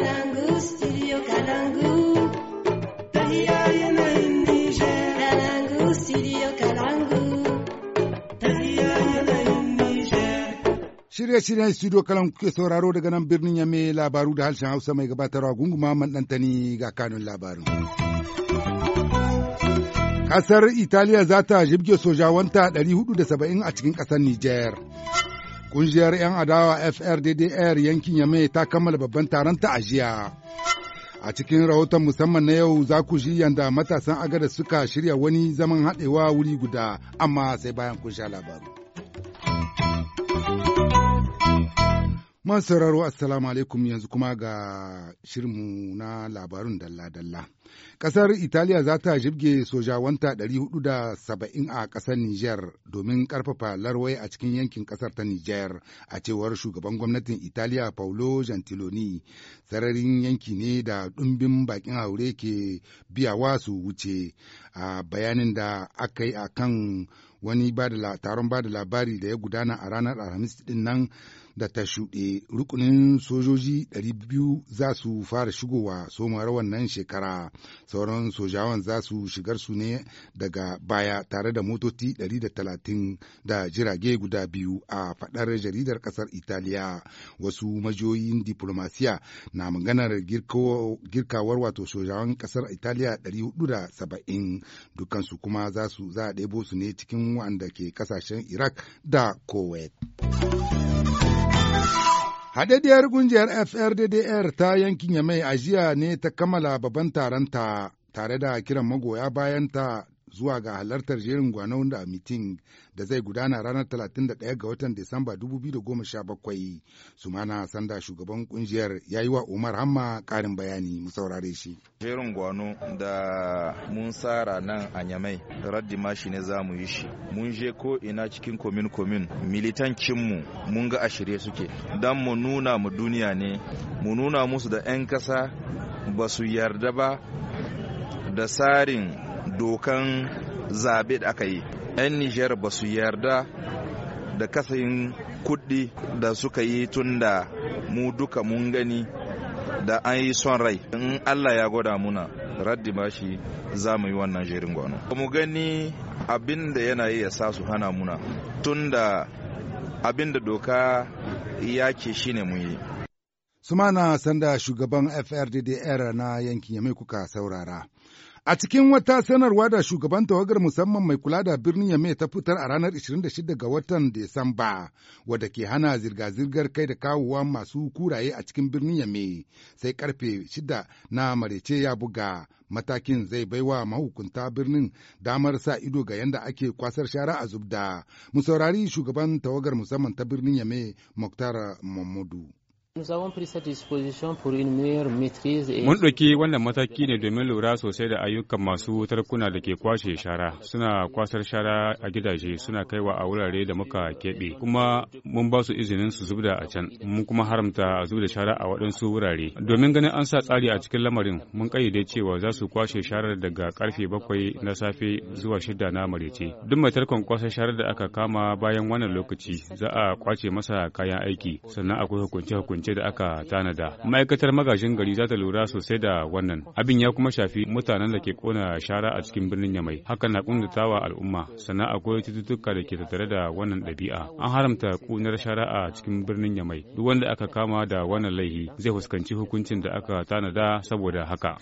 Kalangu, studio Kalangu. studio kalan kuke sauraro daga nan birnin Yame labaru da harshen Hausa mai gabatarwa gunguma man ɗantani ga kanun labarin. Kasar Italiya za ta jibge sojawanta 470 a cikin ƙasar Nijar. Kunjiyar 'yan adawa FRDDR yankin yamai ta kammala babban taron ta ajiya. A cikin rahoton musamman na yau za ku ji yanda matasan agada suka shirya wani zaman haɗewa wuri guda amma sai bayan kun sha labaru. Man sauraro Assalamu alaikum yanzu kuma ga shirmu na labarun dalla-dalla. Ƙasar Italiya za ta jibge sojawanta 470 a kasar Nijar domin karfafa larwai a cikin yankin kasar ta Nijar a cewar shugaban gwamnatin Italiya Paolo Gentiloni. Sararin yanki ne da ɗumbin bakin aure ke biyawa su wuce a bayanin da aka yi a kan wani taron ba da labari da ya gudana a ranar Alhamis ɗin nan da ta shuɗe rukunin sojoji 200 za su fara shigowa somar wannan shekara sauran sojawan za su shigar su ne daga baya tare da motoci 130 da jirage guda biyu a faɗar jaridar ƙasar italiya wasu majiyoyin diplomasiya na maganar girkawar wato sojawan ƙasar italiya 470 dukansu kuma za su za a ɗebo su ne cikin waɗanda ke kasashen iraq da kuwait. Haɗaɗɗiyar ƙungiyar FRDDR ta yankin Yamai a jiya ne ta kammala babban taronta tare da kiran magoya bayanta zuwa ga halartar jerin gwanon da mitin da zai gudana ranar 31 ga watan Disamba 2017. Sumana Sanda shugaban kungiyar ya yi wa Umar Hamma karin bayani mu saurare shi. Jerin gwano da mun tsara nan a Nyamai, raddi ma shi ne za mu yi shi. Mun je ko ina cikin komin komin militancinmu mun ga ashirye suke. Dan mu nuna mu duniya ne, mu nuna musu da 'yan kasa ba su yarda ba da tsarin dokan zabe da aka yi 'yan nijar ba su yarda da kasayin kuɗi da suka yi tun da mu duka mun gani da an yi son rai in allah ya gwada muna raddi bashi za mu yi wannan jerin gwano mu gani abin da yana yi ya sa su hana muna tun da abin da doka ya ke shine mu yi sumana sanda shugaban frddr na yankin yamai kuka saurara A cikin wata sanarwa da shugaban tawagar musamman mai kula da birnin Yame ta fitar a ranar 26 ga watan Desamba, wadda ke hana zirga-zirgar kai da kawowa masu kuraye a cikin birnin Yame, sai karfe 6 na marece ya buga. Matakin zai baiwa mahukunta birnin damar sa ido ga yadda ake kwasar shara a zubda. Mu saurari shugaban tawagar musamman ta birnin Yame, Muktar Mamudu. Mun ɗauki wannan mataki ne domin lura sosai da ayyukan masu tarkuna da ke kwashe shara. Suna kwasar shara a gidaje suna kaiwa a wurare da muka keɓe. Kuma mun ba su izinin su zubda a can. Mun kuma haramta a zubda shara a waɗansu wurare. Domin ganin an sa tsari a cikin lamarin, mun ƙayyade cewa za su kwashe sharar daga karfe bakwai na safe zuwa shida na marece. Duk mai tarkon kwasar sharar da aka kama bayan wannan lokaci za a kwace masa kayan aiki. Sannan akwai hukunce-hukunce hukumance da aka tanada. Ma'aikatar magajin gari za ta lura sosai da wannan. Abin ya kuma shafi mutanen da ke kona shara a cikin birnin Yamai. Hakan na wa al'umma, sannan akwai cututtuka da ke tattare da wannan ɗabi'a. An haramta kunar shara a cikin birnin Yamai. Duk wanda aka kama da wannan laifi zai fuskanci hukuncin da aka tanada saboda haka.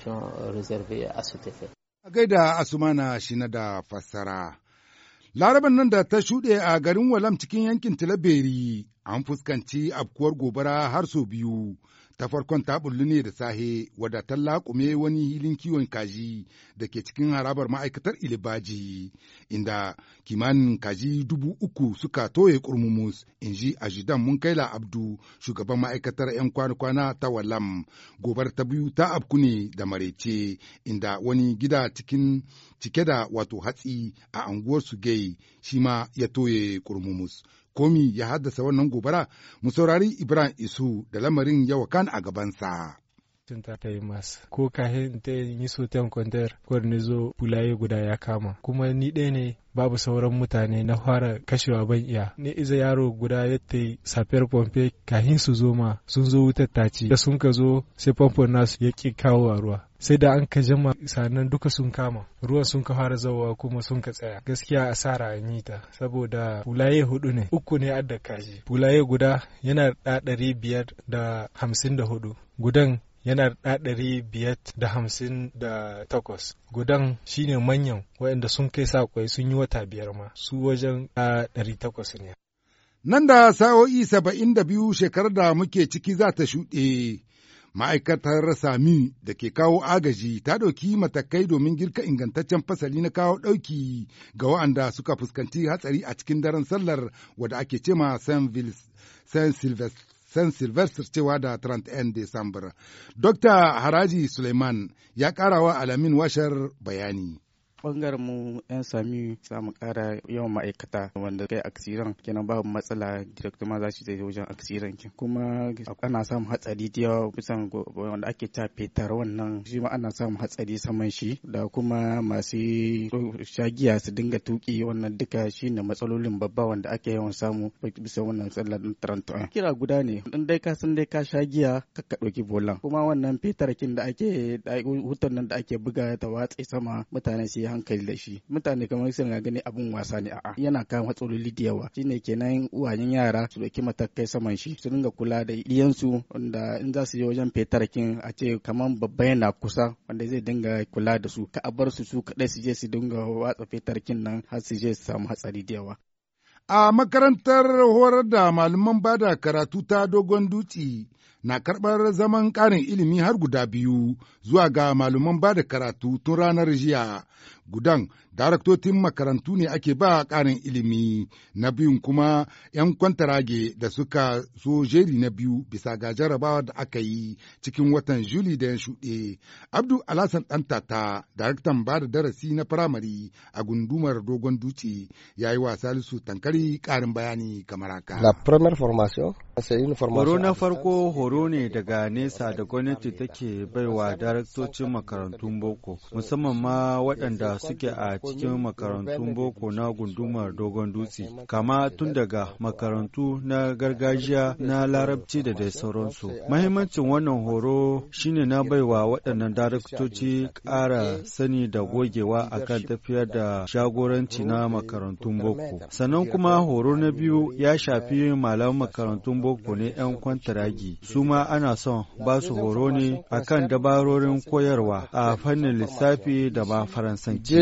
A gaida Asumana shi na da fassara. Laraban nan da ta shuɗe a garin Walam cikin yankin Tilaberi an fuskanci afkuwar gobara har sau biyu ta farkon ta bullu ne da sahe wadda ta laƙume wani hilin kiwon kaji da ke cikin harabar ma'aikatar ilibaji inda kimanin kaji dubu uku suka toye kurmumus in ji ajidan munkaila abdu shugaban ma'aikatar 'yan kwana-kwana ta walam gobar ta biyu ta afku ne da marece inda wani gida cikin cike da wato hatsi a anguwar gai shi ma ya toye kurmumus. Komi ya haddasa wannan gobara, mu saurari Ibrahim Isu da lamarin yawa kan a gabansa. tunta ta yi mas ko kahin ta yi so ten kwantar kwarni zo bulaye guda ya kama kuma ni ɗaya ne babu sauran mutane na fara kashewa ban iya ni iza yaro guda ya ta yi safiyar pompe kahin su zo ma sun zo wutar taci da sun ka zo sai famfon nasu ya ƙi kawo ruwa sai da an ka jama sannan duka sun kama Ruwa sun ka fara zawowa kuma sun ka tsaya gaskiya asara an yi ta saboda fulaye hudu ne uku ne adda kaji fulaye guda yana da ɗari biyar da hamsin da hudu gudan yana da biyar da hamsin da takwas gudan shine manyan waɗanda sun kai sa sun yi wata biyar ma su wajen ɗari takwas ne nan da sa'o'i saba'in da biyu shekarar da muke ciki za ta shuɗe ma'aikatar sami da ke kawo agaji ta ɗauki matakai domin girka ingantaccen fasali na kawo ɗauki ga wa'anda suka fuskanci hatsari a cikin daren sallar wadda ake cema saint sylvester San Sylvester cewa da 31 Desambar. Dokta Haraji Suleiman ya ƙarawa alamin washar bayani. bangaren mu yan sami za mu kara yawan ma'aikata wanda kai aksiran kenan babu matsala direct ma za su zai wajen aksiran kin kuma ana samun hatsari da yawa kusan wanda ake ta fetar wannan shi ma ana samun hatsari saman shi da kuma masu shagiya su dinga tuki wannan duka shi ne matsalolin babba wanda ake yawan samu bisa wannan tsallar tarantuwa kira guda ne in dai ka san dai ka shagiya ka ka dauki bolan kuma wannan fetar kin da ake wutan nan da ake buga ta watsi sama mutane su hankali da shi mutane kamar sai na gani abin wasa ne a'a yana kawo matsaloli da yawa shine kenan uwayen yara su dauki matakai saman shi su dinga kula da iyansu wanda in za su je wajen fetarkin a ce kamar babba yana kusa wanda zai dinga kula da su ka bar su su kadai su je su dinga watsa fetarkin nan har su je su samu hatsari da yawa a makarantar horar da malaman bada karatu ta dogon dutse na karɓar zaman ƙarin ilimi har guda biyu zuwa ga malaman bada karatu tun ranar jiya Gudan daraktotin makarantu ne ake ba ƙarin ilimi na biyun kuma 'yan kwantarage da suka so jeri na biyu bisa ga jarabawa da aka yi cikin watan juli da ya shuɗe abdu alasan ɗantata daraktan ba da darasi na firamare a gundumar dogon dutse ya yi wa salisu tankari ƙarin bayani kamar haka la première formation horo na farko horo ne daga nesa da gwamnati take baiwa daraktocin makarantun boko musamman ma waɗanda suke a cikin makarantun boko na gundumar dogon dutse kama tun daga makarantu na gargajiya na larabci da dai sauransu mahimmancin wannan horo shine na baiwa waɗannan daraktoci ƙara sani da gogewa akan tafiyar da shagoranci na makarantun boko sannan kuma horo na biyu ya shafi malaman makarantun boko ne 'yan kwantaragi su ma ana son ba su horo ne akan dabarorin koyarwa a fannin lissafi da ba faransanci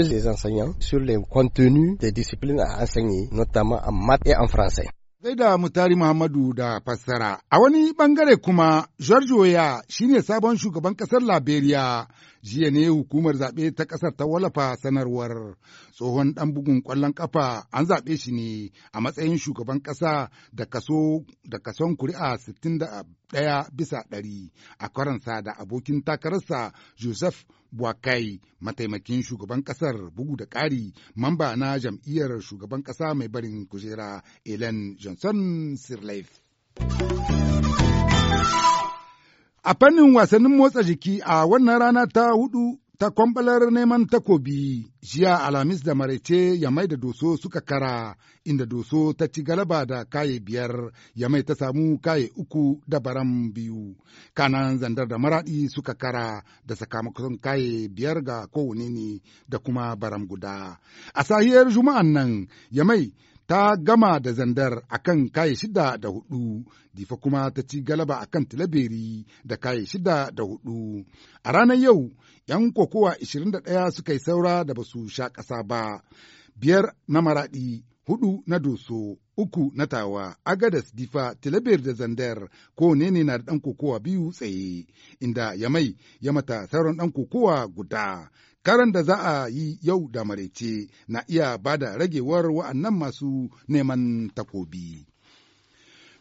enseignants sur les contenus des disciplines à enseigner, notamment en maths et en français. Sai da Mutari Muhammadu da fassara. A wani bangare kuma, George shi shine sabon shugaban ƙasar Liberia Jiya ne hukumar zaɓe ta ƙasar ta wallafa sanarwar tsohon ɗan bugun ƙwallon ƙafa an zaɓe shi ne a matsayin shugaban ƙasa da kason kuri'a 61 bisa ɗari a karansa da abokin takararsa Joseph Buakai mataimakin shugaban ƙasar bugu da ƙari mamba na jam'iyyar shugaban ƙasa mai barin kujera elen Johnson sirleif. A fannin wasannin motsa jiki a wannan rana ta hudu ta kwambalar neman takobi, jiya Alhamis da Maraice Yamai da Doso suka kara, inda Doso ta ci galaba da kaye biyar, Yamai ta samu kaye uku da baram biyu. Kanan zandar da maraɗi suka kara da sakamakon kaye biyar ga kowane ne da kuma baram guda. A sahiyar Juma'an nan, Yamai ta gama da zandar a kan kaye shida da hudu, difa kuma ta ci galaba a kan tilaberi da kaye shida da hudu. A ranar yau, ‘yan kokowa 21 suka yi saura da ba su sha ƙasa ba, biyar na maraɗi, hudu na doso, uku na tawa, agadas difa, tilabir da zandar, ko ne na da ɗan kokowa biyu tsaye, inda ya mai ya mata sauran ɗan kokowa guda, Karan da za a yi yau da maraice na iya ba da ragewar wa'annan masu neman takobi.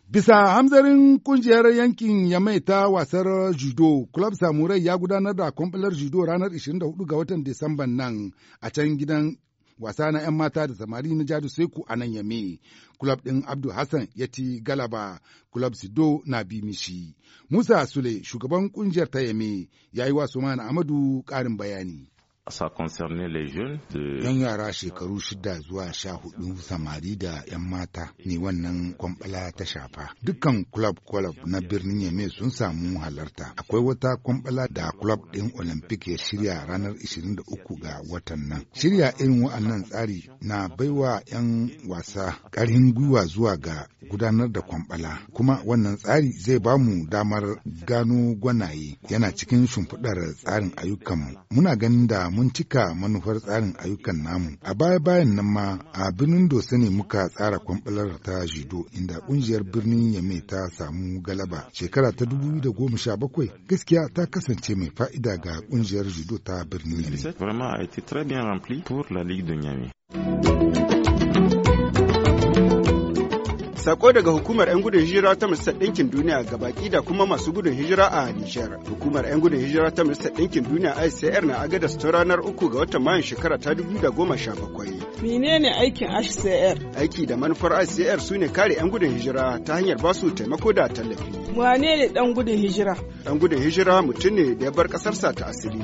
Bisa hamzarin kungiyar yankin Yamai ta wasar judo, Club Samurai ya gudanar da kwamfilar judo ranar 24 ga watan Disamban nan a can gidan wasa na 'yan mata da samari na Jadu Seku a nan Yame. Club ɗin Abdu Hassan ya ci galaba, Club Sido na bi mishi. Musa Sule, shugaban kungiyar ta Yame, ya yi wa Suman Amadu ƙarin bayani. ça concerne les jeunes de... Yan yara shekaru shida zuwa sha hudu samari da 'yan mata ne wannan kwambala ta shafa. Dukkan club club na birnin Yame sun samu halarta. Akwai wata kwambala da club ɗin Olympic ya shirya ranar 23 ga watan nan. Shirya irin wa'annan tsari na baiwa 'yan wasa karin gwiwa zuwa ga gudanar da kwambala. Kuma wannan tsari zai ba mu damar gano gwanaye yana cikin shimfiɗar tsarin ayyukanmu. Muna ganin da mun cika manufar tsarin ayyukan namu. A baya-bayan nan ma a birnin Dosa ne muka tsara kwamfalar ta Jido inda kungiyar birnin Yame ta samu galaba. Shekara ta bakwai gaskiya ta kasance mai fa'ida ga kungiyar Jido ta birnin Yame. Sako daga hukumar 'yan gudun hijira ta Majalisar Ɗinkin Duniya ga baki da kuma masu gudun hijira a Nijar. Hukumar 'yan gudun hijira ta Majalisar Ɗinkin Duniya ICR na agadas ta ranar uku ga watan Mayun shekara ta bakwai. Menene aikin ICR? Aiki da manufar ICR su ne kare 'yan gudun hijira ta hanyar ba su taimako da tallafi. Wane ne ɗan gudun hijira? Ɗan gudun hijira mutum ne da ya bar ƙasarsa ta asiri.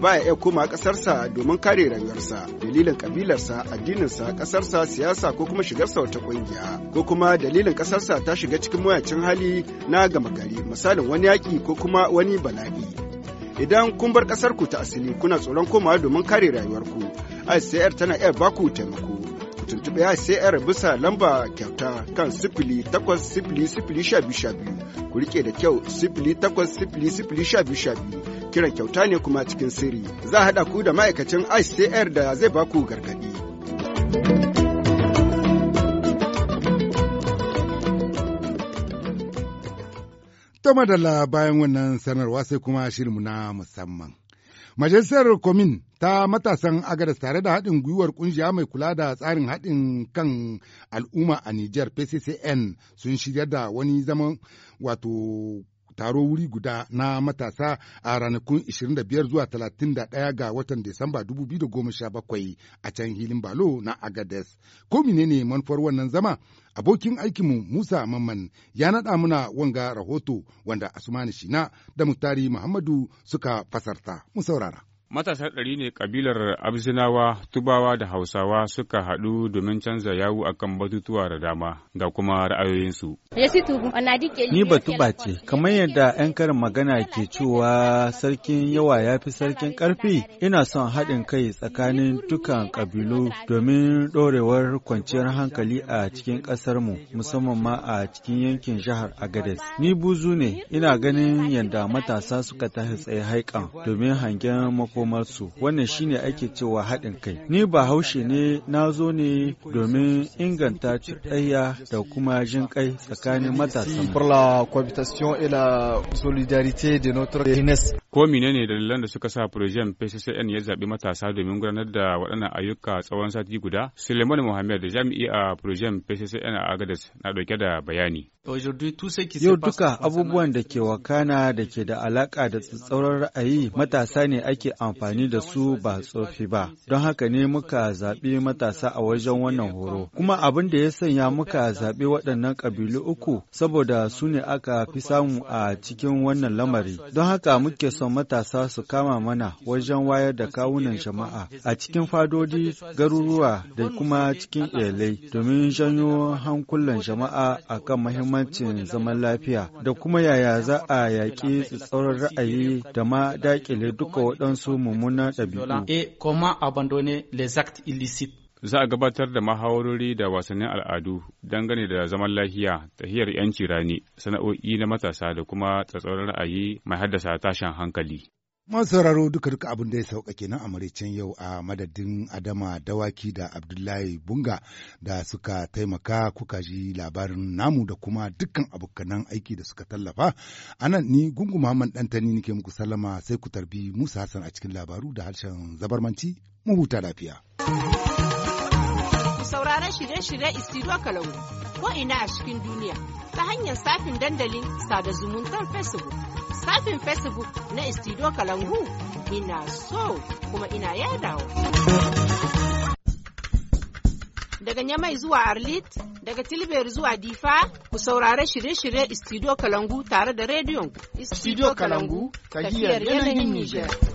Ba iya koma ƙasarsa domin kare rangarsa dalilin ƙabilarsa addininsa ƙasarsa siyasa ko kuma shigarsa wata ƙungiya ko kuma dalilin ƙasarsa ta shiga cikin mayacin hali na gama gari misalin wani yaƙi ko kuma wani bala'i idan kun bar ƙasarku ta asali kuna tsoron komawa domin kare rayuwarku ICR tana iya baku taimako ku tuntuɓe ICR bisa lamba kyauta kan sifili takwas sifili sifili sha biyu sha biyu ku riƙe da kyau sifili takwas sifili sifili sha biyu sha biyu Kira kyauta ne kuma cikin sirri. Za a haɗa ku da ma'aikacin ICR da zai baku gargaɗi. Ta madalla bayan wannan sanarwa sai kuma shirinmu na musamman. Majalisar Komin ta matasan agadas tare da haɗin gwiwar ƙungiya mai kula da tsarin haɗin kan al'umma a Nijar PCCN sun shirya da wani zaman wato taro wuri guda na matasa a ranakun 25 zuwa 31 ga watan Disamba 2017 a can hilin Balo na Agades. Ko ne manufar wannan zama? Abokin aikinmu Musa Mamman ya naɗa muna wanga rahoto wanda Asmani Shina da Muktari Muhammadu suka fasarta. Mu saurara. Matasa ɗari ne kabilar Abzinawa, Tubawa da Hausawa suka haɗu domin canza yawu akan batutuwa da dama ga kuma ra'ayoyinsu. Ni ba ce, kamar yadda 'yan karin magana ke cewa sarkin yawa ya fi sarkin ƙarfi, ina son haɗin kai tsakanin dukan ƙabilu domin ɗorewar kwanciyar hankali a cikin ƙasarmu, musamman ma a cikin yankin jihar Agadez. Ni buzu ne, ina ganin yadda matasa suka tashi tsaye haikan domin hangen mako makomarsu wannan shine ake cewa haɗin kai ni ba haushe ne na zo ne domin inganta cuɗayya da kuma jin kai tsakanin matasa ko menene dalilan da suka sa projen PCCN ya zaɓi matasa domin gudanar da waɗannan ayyuka tsawon sati guda suleiman muhammed da jami'i a projen PCCN a agadas na ɗauke da bayani Yau duka abubuwan da ke wakana da ke da alaƙa da tsatsauran ra'ayi matasa ne ake amfani amfani da su ba tsofi ba. Don haka ne muka zaɓi matasa a wajen wannan horo. Kuma abin da ya sanya muka zaɓi waɗannan ƙabilu uku saboda su ne aka fi samu a cikin wannan lamari. Don haka muke son matasa su kama mana wajen wayar da kawunan jama'a a cikin fadodi, garuruwa da kuma cikin iyalai domin janyo hankulan jama'a a kan mahimmancin zaman lafiya da kuma yaya za a yaƙi tsatsauran ra'ayi da ma daƙile duka waɗansu mummunan ɗabi'u. Za a gabatar da mahawarori da wasannin al'adu dangane da zaman lahiya lafiya, hiyar 'yanci rani, sana'o'i na matasa da kuma tsatsauran ra'ayi mai haddasa tashin hankali. sauraro duka duka abin da ya sauka kenan a maraicen yau a madadin Adama Dawaki da Abdullahi Bunga da suka taimaka kuka ji labarin namu da kuma dukkan abokanan aiki da suka tallafa. Anan ni Gungu Muhammad Dantani nake muku sallama sai ku tarbi Musa Hassan a cikin labaru da harshen zabarmanci mu huta lafiya. Sauraron shirye-shirye Istiro Kalangu. ko ina a cikin duniya ta hanyar safin dandalin sada zumuntar Facebook. Safin Facebook na Istido Kalangu ina so kuma ina yadawa. Daga Nyamai zuwa Arlit, daga Tilber zuwa Difa, ku saurari shirye-shirye Istido Kalangu tare da rediyon Istido Kalangu, tafiyar yanayin Nijar.